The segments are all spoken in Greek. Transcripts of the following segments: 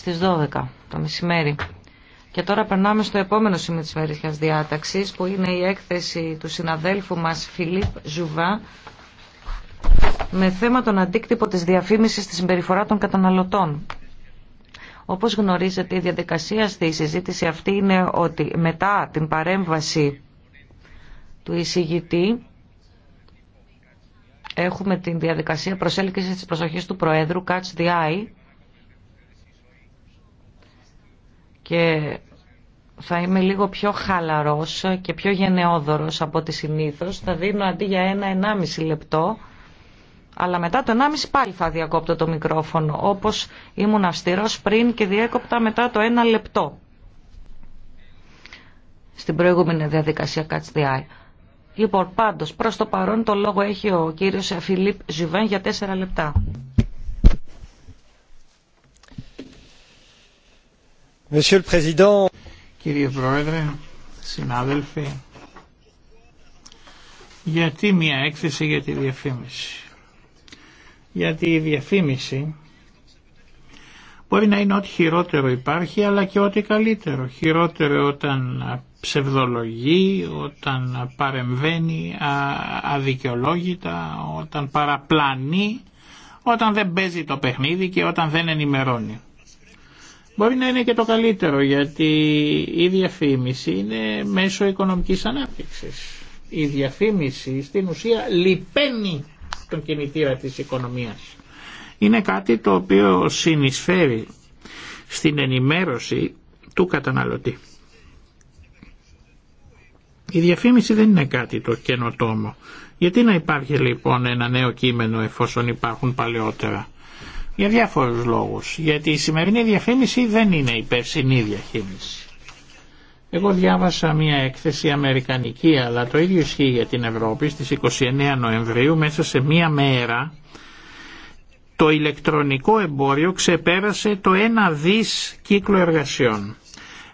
στις 12 το μεσημέρι. Και τώρα περνάμε στο επόμενο σημείο της μερικής διάταξης που είναι η έκθεση του συναδέλφου μας Φιλίπ Ζουβά με θέμα τον αντίκτυπο της διαφήμισης στη συμπεριφορά των καταναλωτών. Όπως γνωρίζετε η διαδικασία στη συζήτηση αυτή είναι ότι μετά την παρέμβαση του εισηγητή έχουμε την διαδικασία προσέλκυσης της προσοχής του Προέδρου Catch the και θα είμαι λίγο πιο χαλαρός και πιο γενναιόδωρος από ό,τι συνήθως. Θα δίνω αντί για ένα ενάμιση λεπτό, αλλά μετά το 1,5 πάλι θα διακόπτω το μικρόφωνο, όπως ήμουν αυστηρός πριν και διέκοπτα μετά το ένα λεπτό. Στην προηγούμενη διαδικασία Catch Λοιπόν, πάντως, προς το παρόν το λόγο έχει ο κύριος Φιλίπ Ζουβέν για τέσσερα λεπτά. Κύριε Πρόεδρε, συνάδελφοι, γιατί μια έκθεση για τη διαφήμιση. Γιατί η διαφήμιση μπορεί να είναι ό,τι χειρότερο υπάρχει αλλά και ό,τι καλύτερο. Χειρότερο όταν ψευδολογεί, όταν παρεμβαίνει αδικαιολόγητα, όταν παραπλανεί, όταν δεν παίζει το παιχνίδι και όταν δεν ενημερώνει. Μπορεί να είναι και το καλύτερο γιατί η διαφήμιση είναι μέσω οικονομικής ανάπτυξης. Η διαφήμιση στην ουσία λυπαίνει τον κινητήρα της οικονομίας. Είναι κάτι το οποίο συνεισφέρει στην ενημέρωση του καταναλωτή. Η διαφήμιση δεν είναι κάτι το καινοτόμο. Γιατί να υπάρχει λοιπόν ένα νέο κείμενο εφόσον υπάρχουν παλαιότερα. Για διάφορους λόγους. Γιατί η σημερινή διαφήμιση δεν είναι η περσινή διαφήμιση. Εγώ διάβασα μια έκθεση αμερικανική, αλλά το ίδιο ισχύει για την Ευρώπη, στις 29 Νοεμβρίου, μέσα σε μια μέρα, το ηλεκτρονικό εμπόριο ξεπέρασε το ένα δις κύκλο εργασιών.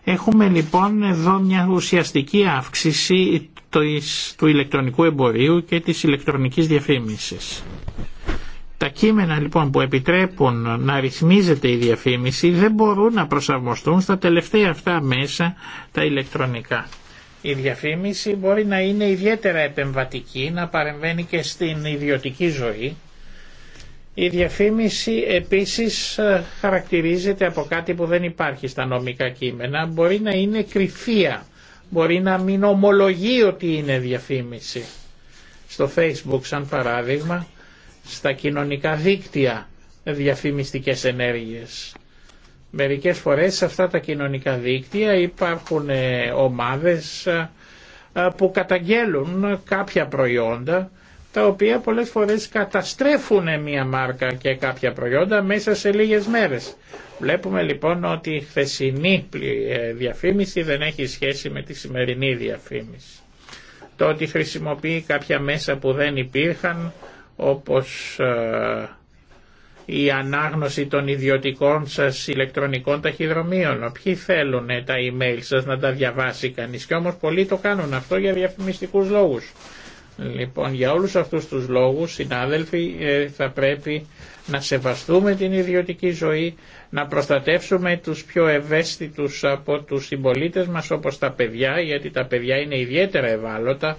Έχουμε λοιπόν εδώ μια ουσιαστική αύξηση του ηλεκτρονικού εμπορίου και της ηλεκτρονικής διαφήμισης κείμενα λοιπόν που επιτρέπουν να ρυθμίζεται η διαφήμιση δεν μπορούν να προσαρμοστούν στα τελευταία αυτά μέσα τα ηλεκτρονικά. Η διαφήμιση μπορεί να είναι ιδιαίτερα επεμβατική, να παρεμβαίνει και στην ιδιωτική ζωή. Η διαφήμιση επίσης χαρακτηρίζεται από κάτι που δεν υπάρχει στα νομικά κείμενα. Μπορεί να είναι κρυφία, μπορεί να μην ομολογεί ότι είναι διαφήμιση. Στο facebook σαν παράδειγμα στα κοινωνικά δίκτυα διαφημιστικές ενέργειες. Μερικές φορές σε αυτά τα κοινωνικά δίκτυα υπάρχουν ε, ομάδες ε, ε, που καταγγέλουν κάποια προϊόντα τα οποία πολλές φορές καταστρέφουν μια μάρκα και κάποια προϊόντα μέσα σε λίγες μέρες. Βλέπουμε λοιπόν ότι η χθεσινή διαφήμιση δεν έχει σχέση με τη σημερινή διαφήμιση. Το ότι χρησιμοποιεί κάποια μέσα που δεν υπήρχαν όπως ε, η ανάγνωση των ιδιωτικών σας ηλεκτρονικών ταχυδρομείων. Ποιοι θέλουν ε, τα email σας να τα διαβάσει κανείς και όμως πολλοί το κάνουν αυτό για διαφημιστικούς λόγους. Λοιπόν, για όλους αυτούς τους λόγους, συνάδελφοι, ε, θα πρέπει να σεβαστούμε την ιδιωτική ζωή, να προστατεύσουμε τους πιο ευαίσθητους από τους συμπολίτε μας όπως τα παιδιά, γιατί τα παιδιά είναι ιδιαίτερα ευάλωτα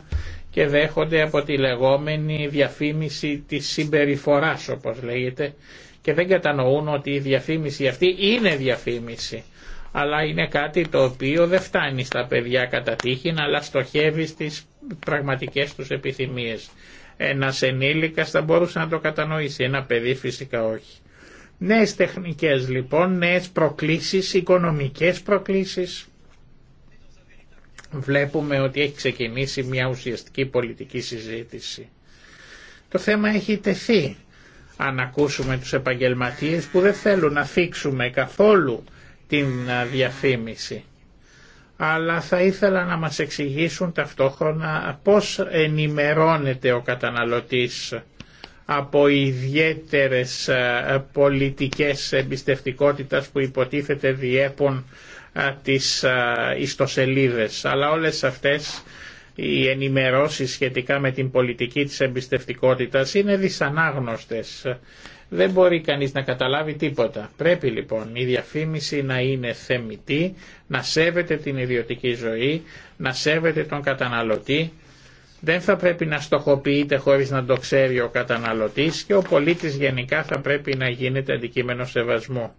και δέχονται από τη λεγόμενη διαφήμιση της συμπεριφοράς όπως λέγεται και δεν κατανοούν ότι η διαφήμιση αυτή είναι διαφήμιση αλλά είναι κάτι το οποίο δεν φτάνει στα παιδιά κατά τύχη αλλά στοχεύει στις πραγματικές τους επιθυμίες. Ένα ενήλικα θα μπορούσε να το κατανοήσει, ένα παιδί φυσικά όχι. Νέες τεχνικές λοιπόν, νέες προκλήσεις, οικονομικές προκλήσεις βλέπουμε ότι έχει ξεκινήσει μια ουσιαστική πολιτική συζήτηση. Το θέμα έχει τεθεί αν ακούσουμε τους επαγγελματίες που δεν θέλουν να θίξουμε καθόλου την διαφήμιση. Αλλά θα ήθελα να μας εξηγήσουν ταυτόχρονα πώς ενημερώνεται ο καταναλωτής από ιδιαίτερες πολιτικές εμπιστευτικότητας που υποτίθεται διέπουν τις ιστοσελίδες. Αλλά όλες αυτές οι ενημερώσεις σχετικά με την πολιτική της εμπιστευτικότητας είναι δυσανάγνωστες. Δεν μπορεί κανείς να καταλάβει τίποτα. Πρέπει λοιπόν η διαφήμιση να είναι θεμητή, να σέβεται την ιδιωτική ζωή, να σέβεται τον καταναλωτή. Δεν θα πρέπει να στοχοποιείται χωρίς να το ξέρει ο καταναλωτής και ο πολίτης γενικά θα πρέπει να γίνεται αντικείμενο σεβασμού.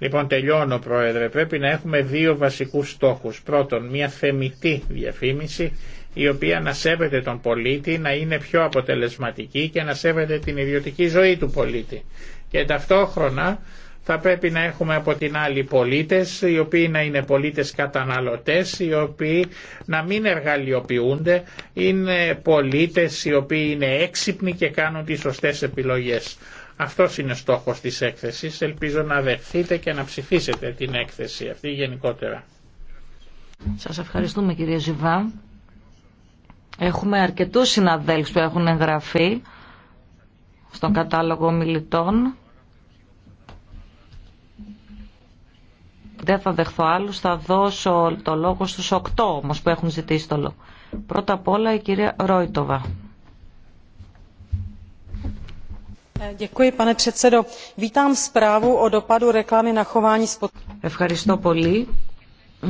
Λοιπόν, τελειώνω, Πρόεδρε. Πρέπει να έχουμε δύο βασικούς στόχους. Πρώτον, μια θεμητή διαφήμιση, η οποία να σέβεται τον πολίτη, να είναι πιο αποτελεσματική και να σέβεται την ιδιωτική ζωή του πολίτη. Και ταυτόχρονα θα πρέπει να έχουμε από την άλλη πολίτες, οι οποίοι να είναι πολίτες καταναλωτές, οι οποίοι να μην εργαλειοποιούνται, είναι πολίτες οι οποίοι είναι έξυπνοι και κάνουν τις σωστές επιλογές. Αυτός είναι στόχος της έκθεσης. Ελπίζω να δεχθείτε και να ψηφίσετε την έκθεση αυτή γενικότερα. Σας ευχαριστούμε κυρία Ζιβά. Έχουμε αρκετούς συναδέλφους που έχουν εγγραφεί στον κατάλογο μιλητών. Δεν θα δεχθώ άλλους, θα δώσω το λόγο στους οκτώ όμως που έχουν ζητήσει το λόγο. Πρώτα απ' όλα η κυρία Ρόιτοβα. Ευχαριστώ πολύ.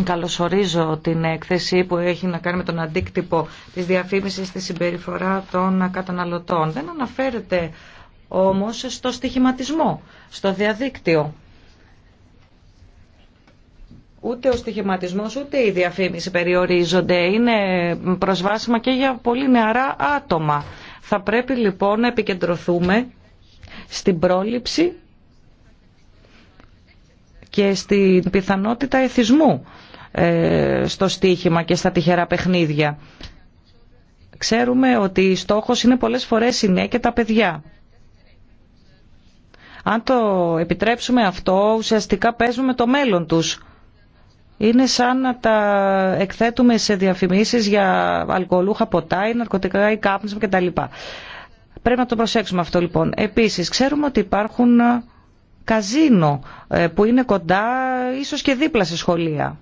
Καλωσορίζω την έκθεση που έχει να κάνει με τον αντίκτυπο της διαφήμισης στη συμπεριφορά των καταναλωτών. Δεν αναφέρεται όμως στο στοιχηματισμό, στο διαδίκτυο. Ούτε ο στοιχηματισμός ούτε η διαφήμιση περιορίζονται. Είναι προσβάσιμα και για πολύ νεαρά άτομα. Θα πρέπει λοιπόν να επικεντρωθούμε στην πρόληψη και στην πιθανότητα εθισμού ε, στο στοίχημα και στα τυχερά παιχνίδια. Ξέρουμε ότι στόχος είναι πολλές φορές η και τα παιδιά. Αν το επιτρέψουμε αυτό, ουσιαστικά παίζουμε το μέλλον τους. Είναι σαν να τα εκθέτουμε σε διαφημίσεις για αλκοολούχα ποτά ή ναρκωτικά ή κάπνισμα κτλ. Πρέπει να το προσέξουμε αυτό λοιπόν. Επίσης, ξέρουμε ότι υπάρχουν ε, καζίνο ε, που είναι κοντά, ίσως και δίπλα σε σχολεία.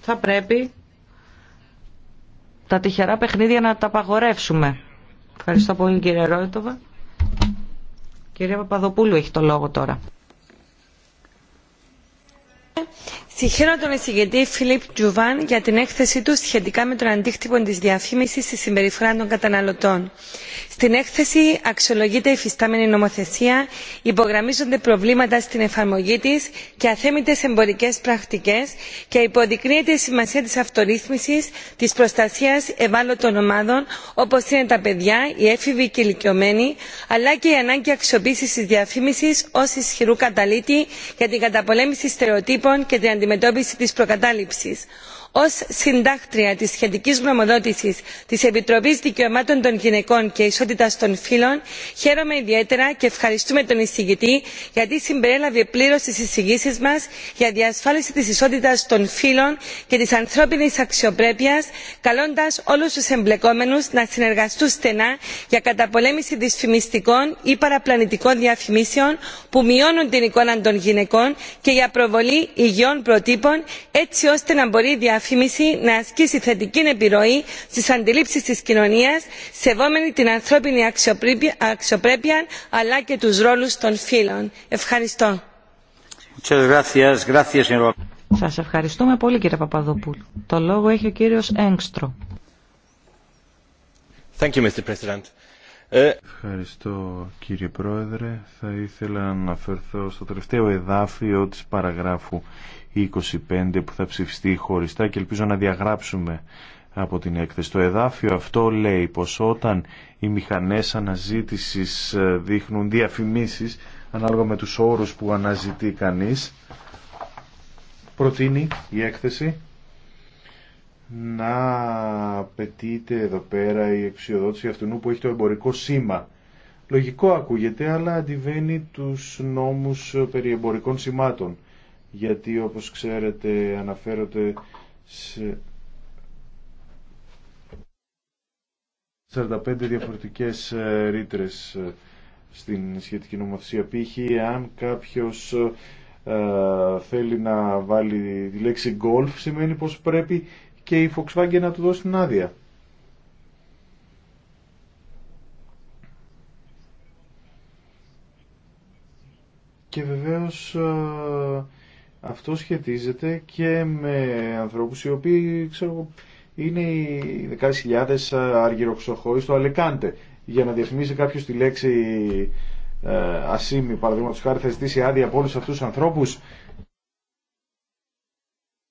Θα πρέπει τα τυχερά παιχνίδια να τα απαγορεύσουμε. Ευχαριστώ πολύ κύριε Ρόιτοβα. Κυρία Παπαδοπούλου έχει το λόγο τώρα. Συγχαίρω τον εισηγητή Φιλίπ Τζουβάν για την έκθεσή του σχετικά με τον αντίκτυπο τη διαφήμιση στη συμπεριφορά των καταναλωτών. Στην έκθεση αξιολογείται η φυστάμενη νομοθεσία, υπογραμμίζονται προβλήματα στην εφαρμογή τη και αθέμητε εμπορικέ πρακτικέ και υποδεικνύεται η σημασία τη αυτορύθμιση τη προστασία ευάλωτων ομάδων όπω είναι τα παιδιά, οι έφηβοι και οι ηλικιωμένοι, αλλά και η ανάγκη αξιοποίηση τη διαφήμιση ω ισχυρού καταλήτη για την καταπολέμηση στερεοτύπων και την αντιμετώπιση της προκατάληψης ως συντάκτρια της σχετικής γνωμοδότησης της επιτροπής δικαιωμάτων των γυναικών και ισότητας των φύλων χαίρομαι ιδιαίτερα και ευχαριστούμε τον εισηγητή γιατί συμπερέλαβε πλήρως τις εισηγήσεις μας για διασφάλιση της ισότητας των φύλων και της ανθρώπινης αξιοπρέπειας καλώντας όλους τους εμπλεκόμενους να συνεργαστούν στενά για καταπολέμηση δυσφημιστικών ή παραπλανητικών διαφημίσεων που μειώνουν την εικόνα των γυναικών και για προβολή υγιών προτύπων έτσι ώστε να μπορεί η διαφήμιση να ασκήσει θετική επιρροή στι αντιλήψει τη κοινωνία σεβόμενη την ανθρώπινη αξιοπρέπεια αλλά και του ρόλου των φύλων. ευχαριστώ. Σας ευχαριστούμε πολύ κύριε Παπαδοπούλου. Το λόγο έχει ο κύριος Έγκστρο. Thank you, Mr. President. Ε, Ευχαριστώ κύριε Πρόεδρε. Θα ήθελα να αναφερθώ στο τελευταίο εδάφιο της παραγράφου 25 που θα ψηφιστεί χωριστά και ελπίζω να διαγράψουμε από την έκθεση. Το εδάφιο αυτό λέει πως όταν οι μηχανές αναζήτησης ε, δείχνουν διαφημίσεις ανάλογα με τους όρους που αναζητεί κανείς προτείνει η έκθεση να απαιτείται εδώ πέρα η εξουσιοδότηση αυτού που έχει το εμπορικό σήμα. Λογικό ακούγεται, αλλά αντιβαίνει τους νόμους περί εμπορικών σημάτων. Γιατί, όπως ξέρετε, αναφέρονται σε 45 διαφορετικές ε, ρήτρες ε, στην σχετική νομοθεσία. πύχη. αν κάποιος ε, θέλει να βάλει τη λέξη golf, σημαίνει πως πρέπει και η Volkswagen να του δώσει την άδεια. Και βεβαίως αυτό σχετίζεται και με ανθρώπους οι οποίοι ξέρω, είναι οι δεκάδες χιλιάδες αργυροξοχώοι στο Αλεκάντε. Για να διαφημίσει κάποιος τη λέξη ε, ασήμι, παραδείγματος χάρη, θα ζητήσει άδεια από όλους αυτούς τους ανθρώπους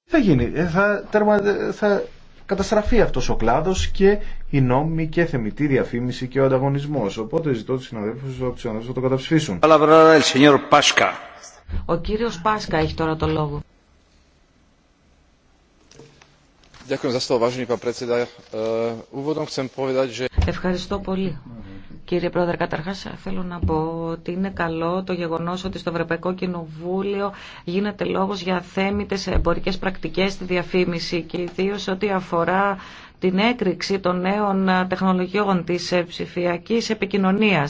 θα γίνει. Ε, θα, ε, θα καταστραφεί αυτός ο κλάδος και η νόμιμη και θεμητή διαφήμιση και ο ανταγωνισμός. Οπότε ζητώ τους συναδέλφους τους να το καταψηφίσουν. Ο κύριος Πάσκα έχει τώρα το λόγο. Ε, Ευχαριστώ πολύ. Κύριε Πρόεδρε, καταρχά, θέλω να πω ότι είναι καλό το γεγονό ότι στο Ευρωπαϊκό Κοινοβούλιο γίνεται λόγο για θέμητες εμπορικέ πρακτικές στη διαφήμιση και ιδίω ό,τι αφορά την έκρηξη των νέων τεχνολογιών τη ψηφιακή επικοινωνία.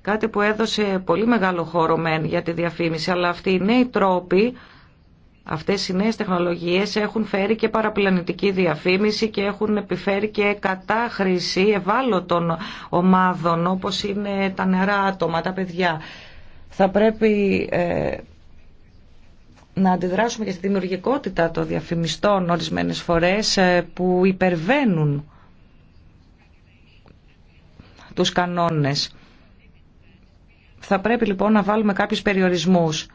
Κάτι που έδωσε πολύ μεγάλο χώρο μεν για τη διαφήμιση, αλλά αυτοί οι νέοι τρόποι Αυτές οι νέες τεχνολογίες έχουν φέρει και παραπλανητική διαφήμιση και έχουν επιφέρει και κατάχρηση ευάλωτων ομάδων όπως είναι τα νερά άτομα, τα παιδιά. Θα πρέπει ε, να αντιδράσουμε και στη δημιουργικότητα των διαφημιστών ορισμένες φορές ε, που υπερβαίνουν τους κανόνες. Θα πρέπει λοιπόν να βάλουμε κάποιους περιορισμούς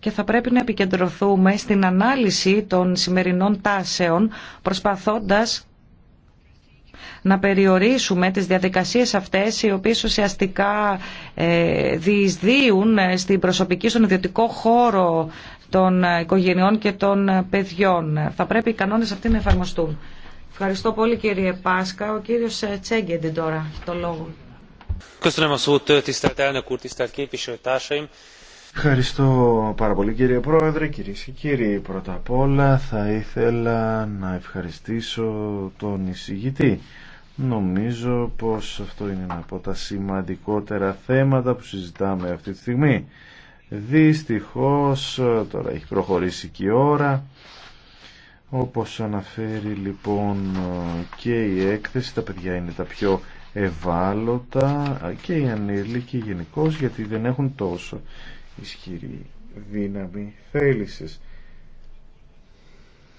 και θα πρέπει να επικεντρωθούμε στην ανάλυση των σημερινών τάσεων προσπαθώντας να περιορίσουμε τις διαδικασίες αυτές οι οποίες ουσιαστικά ε, διεισδύουν ε, στην προσωπική, στον ιδιωτικό χώρο των ε, οικογενειών και των παιδιών. Θα πρέπει οι κανόνες αυτοί να εφαρμοστούν. Ευχαριστώ πολύ κύριε Πάσκα. Ο κύριος Τσέγκεντι τώρα το λόγο. Ευχαριστώ πάρα πολύ κύριε Πρόεδρε, κυρίε και κύριοι. Πρώτα απ' όλα θα ήθελα να ευχαριστήσω τον εισηγητή. Νομίζω πως αυτό είναι ένα από τα σημαντικότερα θέματα που συζητάμε αυτή τη στιγμή. Δυστυχώς τώρα έχει προχωρήσει και η ώρα. Όπως αναφέρει λοιπόν και η έκθεση, τα παιδιά είναι τα πιο ευάλωτα και οι ανήλικοι γενικώ γιατί δεν έχουν τόσο ισχυρή δύναμη θέλησης.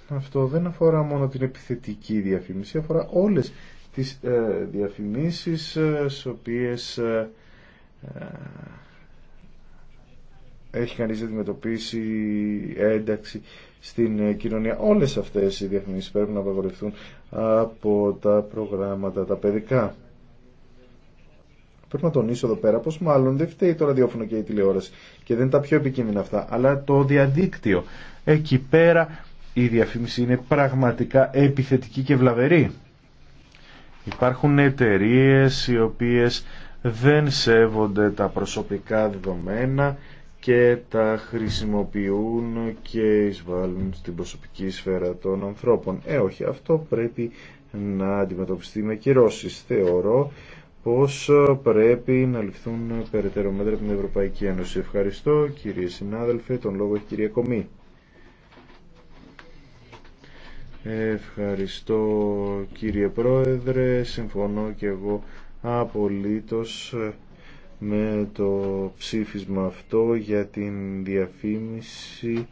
Αυτό δεν αφορά μόνο την επιθετική διαφήμιση, αφορά όλες τις ε, διαφημίσεις ε, στις οποίες ε, ε έχει κανείς αντιμετωπίσει ένταξη στην ε, κοινωνία. Όλες αυτές οι διαφημίσεις πρέπει να απαγορευτούν από τα προγράμματα τα παιδικά. Πρέπει να τονίσω εδώ πέρα πως μάλλον δεν φταίει το ραδιόφωνο και η τηλεόραση και δεν είναι τα πιο επικίνδυνα αυτά, αλλά το διαδίκτυο. Εκεί πέρα η διαφήμιση είναι πραγματικά επιθετική και βλαβερή. Υπάρχουν εταιρείε οι οποίες δεν σέβονται τα προσωπικά δεδομένα και τα χρησιμοποιούν και εισβάλλουν στην προσωπική σφαίρα των ανθρώπων. Ε, όχι, αυτό πρέπει να αντιμετωπιστεί με κυρώσεις. Θεωρώ πώς ε, πρέπει να ληφθούν περαιτέρω μέτρα από την Ευρωπαϊκή Ένωση. Ευχαριστώ κύριε συνάδελφε, τον λόγο έχει κυρία Κομή. Ευχαριστώ κύριε Πρόεδρε, συμφωνώ και εγώ απολύτως ε, με το ψήφισμα αυτό για την διαφήμιση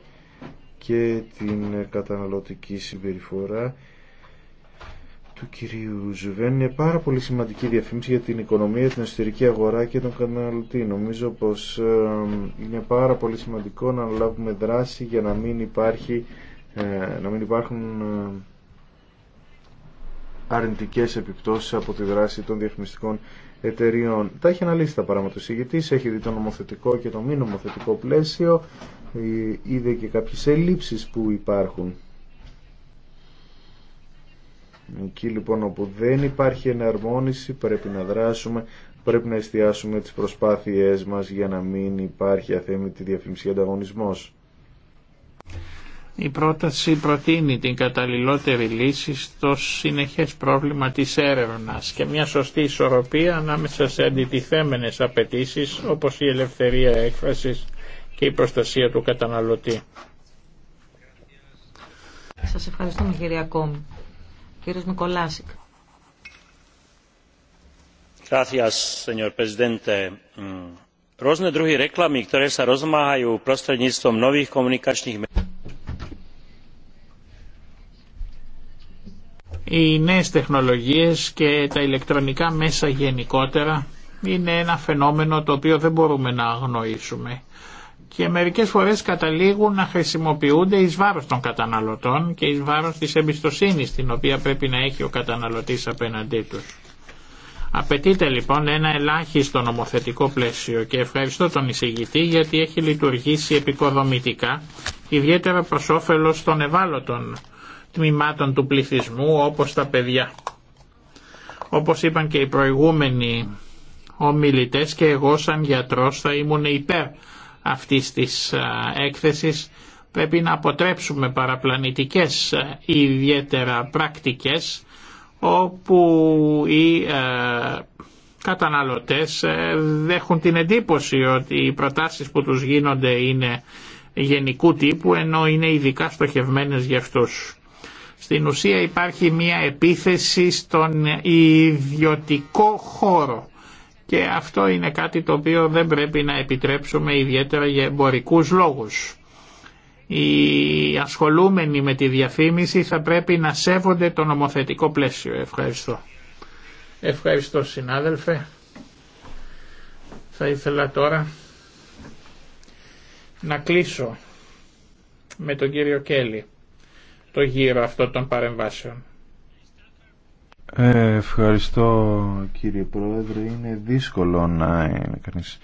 και την καταναλωτική συμπεριφορά του κυρίου Ζουβέν είναι πάρα πολύ σημαντική διαφήμιση για την οικονομία, την εσωτερική αγορά και τον καταναλωτή. Νομίζω πως είναι πάρα πολύ σημαντικό να λάβουμε δράση για να μην, υπάρχει, ε, να μην υπάρχουν ε, αρνητικές επιπτώσεις από τη δράση των διαφημιστικών εταιρείων. Τα έχει αναλύσει τα παράματα ο έχει δει το νομοθετικό και το μη νομοθετικό πλαίσιο, ε, είδε και κάποιες ελλείψεις που υπάρχουν. Εκεί λοιπόν όπου δεν υπάρχει εναρμόνιση πρέπει να δράσουμε, πρέπει να εστιάσουμε τις προσπάθειές μας για να μην υπάρχει αθέμητη διαφήμιση ανταγωνισμός. Η πρόταση προτείνει την καταλληλότερη λύση στο συνεχές πρόβλημα της έρευνας και μια σωστή ισορροπία ανάμεσα σε αντιτιθέμενες απαιτήσει όπως η ελευθερία έκφρασης και η προστασία του καταναλωτή. Σας ευχαριστούμε κύριε Ακόμη κύριος Μικολάσικ. Mm, rôzne druhy reklamy, ktoré sa rozmáhajú prostredníctvom nových komunikačných Οι νέες τεχνολογίες και τα ηλεκτρονικά μέσα γενικότερα είναι ένα φαινόμενο το οποίο δεν μπορούμε να αγνοήσουμε και μερικές φορές καταλήγουν να χρησιμοποιούνται εις βάρος των καταναλωτών και εις βάρος της εμπιστοσύνης την οποία πρέπει να έχει ο καταναλωτής απέναντί τους. Απαιτείται λοιπόν ένα ελάχιστο νομοθετικό πλαίσιο και ευχαριστώ τον εισηγητή γιατί έχει λειτουργήσει επικοδομητικά ιδιαίτερα προς όφελος των ευάλωτων τμήματων του πληθυσμού όπως τα παιδιά. Όπως είπαν και οι προηγούμενοι ομιλητές και εγώ σαν γιατρός θα ήμουν υπέρ αυτής της έκθεσης πρέπει να αποτρέψουμε παραπλανητικές ιδιαίτερα πράκτικες όπου οι καταναλωτές δέχουν την εντύπωση ότι οι προτάσεις που τους γίνονται είναι γενικού τύπου ενώ είναι ειδικά στοχευμένες για αυτούς. Στην ουσία υπάρχει μια επίθεση στον ιδιωτικό χώρο και αυτό είναι κάτι το οποίο δεν πρέπει να επιτρέψουμε ιδιαίτερα για εμπορικού λόγους. Οι ασχολούμενοι με τη διαφήμιση θα πρέπει να σέβονται το νομοθετικό πλαίσιο. Ευχαριστώ. Ευχαριστώ συνάδελφε. Θα ήθελα τώρα να κλείσω με τον κύριο Κέλλη το γύρο αυτό των παρεμβάσεων. Ε, ευχαριστώ κύριε Πρόεδρε. Είναι δύσκολο να είναι κανείς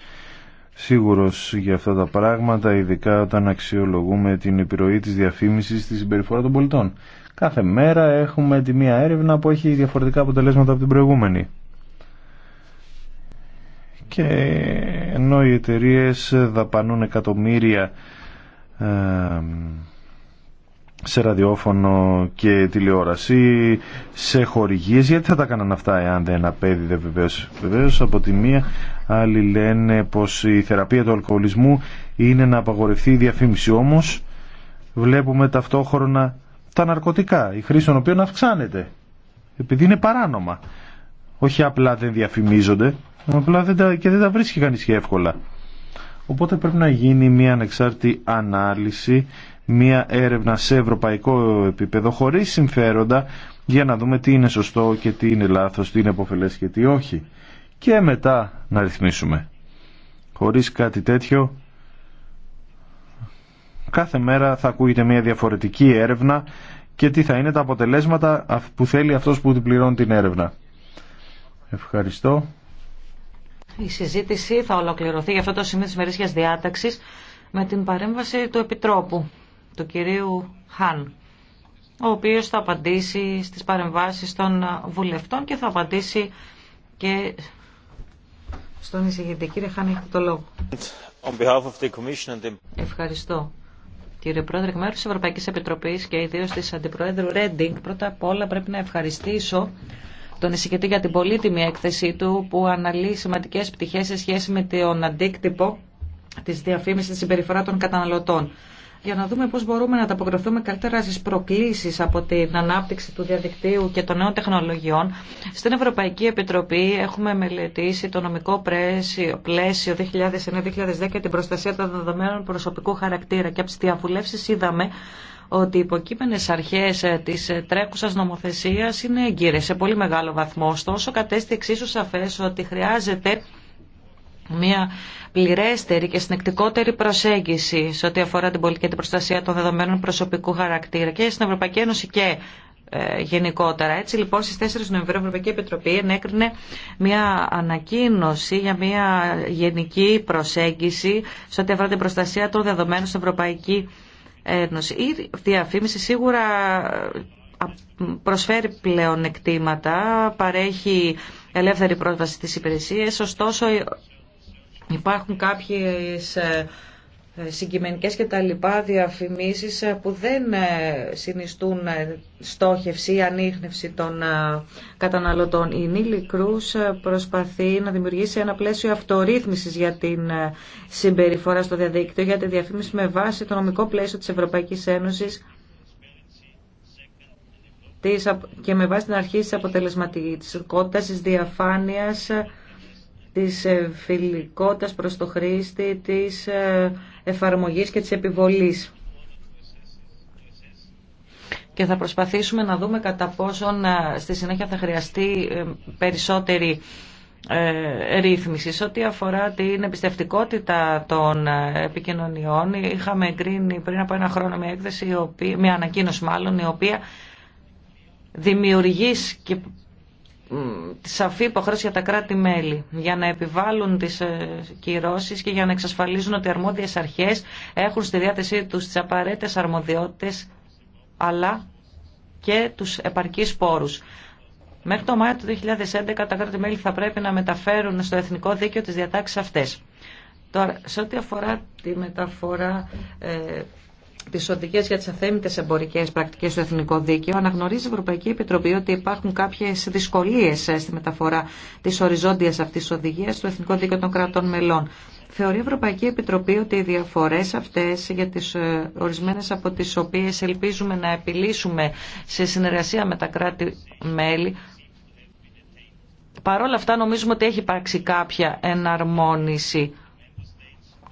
σίγουρος για αυτά τα πράγματα, ειδικά όταν αξιολογούμε την επιρροή της διαφήμισης στη συμπεριφορά των πολιτών. Κάθε μέρα έχουμε τη μία έρευνα που έχει διαφορετικά αποτελέσματα από την προηγούμενη. Και ενώ οι εταιρείε δαπανούν εκατομμύρια ε, σε ραδιόφωνο και τηλεόραση, σε χορηγίε. Γιατί θα τα έκαναν αυτά εάν δεν απέδιδε βεβαίω. από τη μία άλλοι λένε πω η θεραπεία του αλκοολισμού είναι να απαγορευτεί η διαφήμιση. όμω, βλέπουμε ταυτόχρονα τα ναρκωτικά, η χρήση των οποίων αυξάνεται. Επειδή είναι παράνομα. Όχι απλά δεν διαφημίζονται, απλά δεν τα, και δεν τα βρίσκει κανεί και εύκολα. Οπότε πρέπει να γίνει μια ανεξάρτητη ανάλυση, μια έρευνα σε ευρωπαϊκό επίπεδο χωρίς συμφέροντα για να δούμε τι είναι σωστό και τι είναι λάθος, τι είναι επωφελές και τι όχι. Και μετά να ρυθμίσουμε. Χωρίς κάτι τέτοιο κάθε μέρα θα ακούγεται μια διαφορετική έρευνα και τι θα είναι τα αποτελέσματα που θέλει αυτός που την πληρώνει την έρευνα. Ευχαριστώ. Η συζήτηση θα ολοκληρωθεί για αυτό το σημείο της μερίσιας διάταξης με την παρέμβαση του Επιτρόπου, του κυρίου Χάν, ο οποίος θα απαντήσει στις παρεμβάσεις των βουλευτών και θα απαντήσει και στον εισηγητή. Κύριε Χάν, έχετε το λόγο. Ευχαριστώ. Κύριε Πρόεδρε, εκ μέρου τη Ευρωπαϊκή Επιτροπή και ιδίω τη Αντιπροέδρου Ρέντινγκ, πρώτα απ' όλα πρέπει να ευχαριστήσω τον εισηγητή για την πολύτιμη έκθεσή του που αναλύει σημαντικές πτυχές σε σχέση με τον αντίκτυπο της διαφήμισης της συμπεριφορά των καταναλωτών για να δούμε πώς μπορούμε να ανταποκριθούμε καλύτερα στις προκλήσεις από την ανάπτυξη του διαδικτύου και των νέων τεχνολογιών. Στην Ευρωπαϊκή Επιτροπή έχουμε μελετήσει το νομικό πλαίσιο 2009-2010 και την προστασία των δεδομένων προσωπικού χαρακτήρα και από τις διαβουλεύσεις είδαμε ότι οι υποκείμενε αρχέ ε, τη ε, τρέχουσα νομοθεσία είναι εγκύρε σε πολύ μεγάλο βαθμό. Ωστόσο, κατέστη εξίσου σαφέ ότι χρειάζεται μια πληρέστερη και συνεκτικότερη προσέγγιση σε ό,τι αφορά την πολιτική την προστασία των δεδομένων προσωπικού χαρακτήρα και στην Ευρωπαϊκή Ένωση και ε, γενικότερα. Έτσι λοιπόν στις 4 Νοεμβρίου η Ευρωπαϊκή Επιτροπή ενέκρινε μια ανακοίνωση για μια γενική προσέγγιση σε ό,τι αφορά την προστασία των δεδομένων στην Ευρωπαϊκή η διαφήμιση σίγουρα προσφέρει πλέον εκτήματα, παρέχει ελεύθερη πρόσβαση στις υπηρεσίες, ωστόσο υπάρχουν κάποιες ε, ε, συγκειμενικές και τα λοιπά διαφημίσεις ε, που δεν ε, συνιστούν στόχευση ή ανείχνευση των καταναλωτών. Η Νίλη Κρούς προσπαθεί να δημιουργήσει ένα πλαίσιο αυτορύθμισης για την συμπεριφορά στο διαδίκτυο, για τη διαφήμιση με βάση το νομικό πλαίσιο της Ευρωπαϊκής Ένωσης και με βάση την αρχή της αποτελεσματικότητας, της διαφάνειας, της φιλικότητας προς το χρήστη, της ε, εφαρμογής και της επιβολής. Και θα προσπαθήσουμε να δούμε κατά πόσον ε, στη συνέχεια θα χρειαστεί ε, περισσότερη ρύθμιση. Ό,τι αφορά την εμπιστευτικότητα των επικοινωνιών, είχαμε εγκρίνει πριν από ένα χρόνο μια έκθεση, μια ανακοίνωση μάλλον, η οποία δημιουργεί και σαφή υποχρέωση για τα κράτη-μέλη για να επιβάλλουν τις ε, κυρώσει και για να εξασφαλίζουν ότι οι αρμόδιες αρχές έχουν στη διάθεσή του τι απαραίτητε αρμοδιότητες αλλά και τους επαρκείς πόρους. Μέχρι το Μάιο του 2011 τα κράτη-μέλη θα πρέπει να μεταφέρουν στο εθνικό δίκαιο τις διατάξεις αυτές. Τώρα, σε ό,τι αφορά τη μεταφορά ε, τι οδηγίε για τι αθέμητε εμπορικέ πρακτικέ στο Εθνικό Δίκαιο, αναγνωρίζει η Ευρωπαϊκή Επιτροπή ότι υπάρχουν κάποιε δυσκολίε ε, στη μεταφορά τη οριζόντια αυτή τη οδηγία στο Εθνικό Δίκαιο των Κρατών Μελών. Θεωρεί η Ευρωπαϊκή Επιτροπή ότι οι διαφορέ αυτέ για τι ε, ορισμένε από τι οποίε ελπίζουμε να επιλύσουμε σε συνεργασία με τα κράτη-μέλη παρόλα αυτά νομίζουμε ότι έχει υπάρξει κάποια εναρμόνιση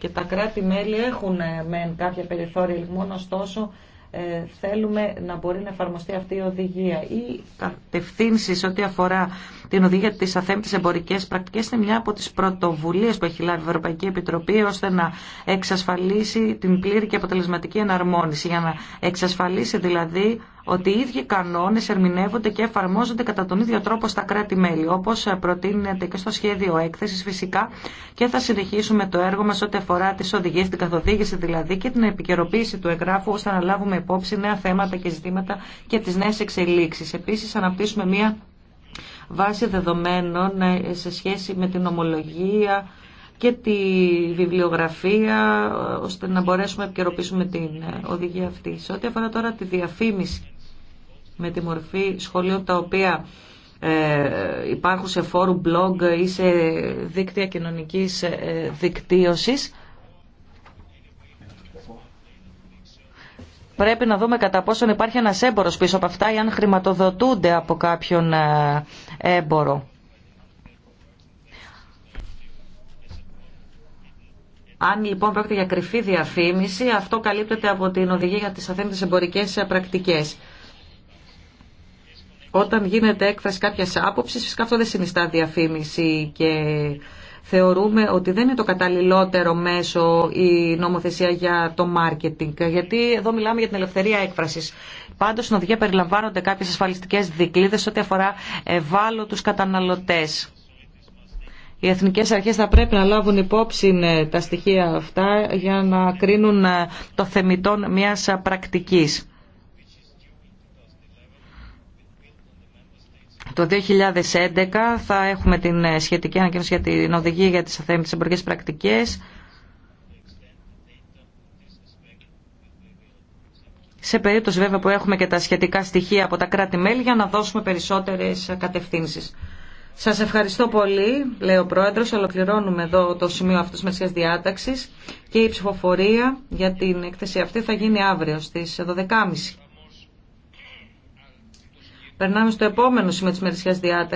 και τα κράτη-μέλη έχουν ε, μεν κάποια περιθώρια μόνο ωστόσο ε, θέλουμε να μπορεί να εφαρμοστεί αυτή η οδηγία. ή ό,τι αφορά την οδηγία τη αθέμητη εμπορικέ πρακτικέ είναι μια από τι πρωτοβουλίε που έχει λάβει η Ευρωπαϊκή Επιτροπή ώστε να εξασφαλίσει την πλήρη και αποτελεσματική εναρμόνιση. Για να εξασφαλίσει δηλαδή ότι οι ίδιοι κανόνε ερμηνεύονται και εφαρμόζονται κατά τον ίδιο τρόπο στα κράτη-μέλη, όπω προτείνεται και στο σχέδιο έκθεση φυσικά. Και θα συνεχίσουμε το έργο μα ό,τι αφορά τι οδηγίε, την καθοδήγηση δηλαδή και την επικαιροποίηση του εγγράφου, ώστε να λάβουμε υπόψη νέα θέματα και ζητήματα και τι νέε εξελίξει. Επίση, αναπτύσσουμε μια βάσει δεδομένων ε, σε σχέση με την ομολογία και τη βιβλιογραφία ε, ώστε να μπορέσουμε να επικαιροποιήσουμε την ε, οδηγία αυτή. Σε ό,τι αφορά τώρα τη διαφήμιση με τη μορφή σχολείων τα οποία υπάρχουν σε φόρου blog ή σε δίκτυα κοινωνικής δικτύωσης πρέπει να δούμε κατά πόσον υπάρχει ένας έμπορος πίσω από αυτά ή αν χρηματοδοτούνται από κάποιον ε, έμπορο. Αν λοιπόν πρόκειται για κρυφή διαφήμιση, αυτό καλύπτεται από την οδηγία για τις Αθέντες εμπορικές ε, πρακτικές. Όταν γίνεται έκφραση κάποιας άποψης, φυσικά αυτό δεν συνιστά διαφήμιση και θεωρούμε ότι δεν είναι το καταλληλότερο μέσο η νομοθεσία για το μάρκετινγκ, γιατί εδώ μιλάμε για την ελευθερία έκφραση. Πάντω στην οδηγία περιλαμβάνονται κάποιε ασφαλιστικέ δικλείδε ό,τι αφορά ευάλωτου καταναλωτές. Οι εθνικές αρχές θα πρέπει να λάβουν υπόψη ε, τα στοιχεία αυτά για να κρίνουν ε, το θεμητόν μιας πρακτικής. Το 2011 θα έχουμε την ε, σχετική ανακοίνωση για την οδηγία για τις αθέμητες εμπορικές πρακτικές. σε περίπτωση βέβαια που έχουμε και τα σχετικά στοιχεία από τα κράτη-μέλη για να δώσουμε περισσότερες κατευθύνσεις. Σας ευχαριστώ πολύ, λέει ο Πρόεδρος. Ολοκληρώνουμε εδώ το σημείο αυτού της μεσιάς διάταξης και η ψηφοφορία για την έκθεση αυτή θα γίνει αύριο στις 12.30. Περνάμε στο επόμενο σημείο τη μερισιά διάταξης.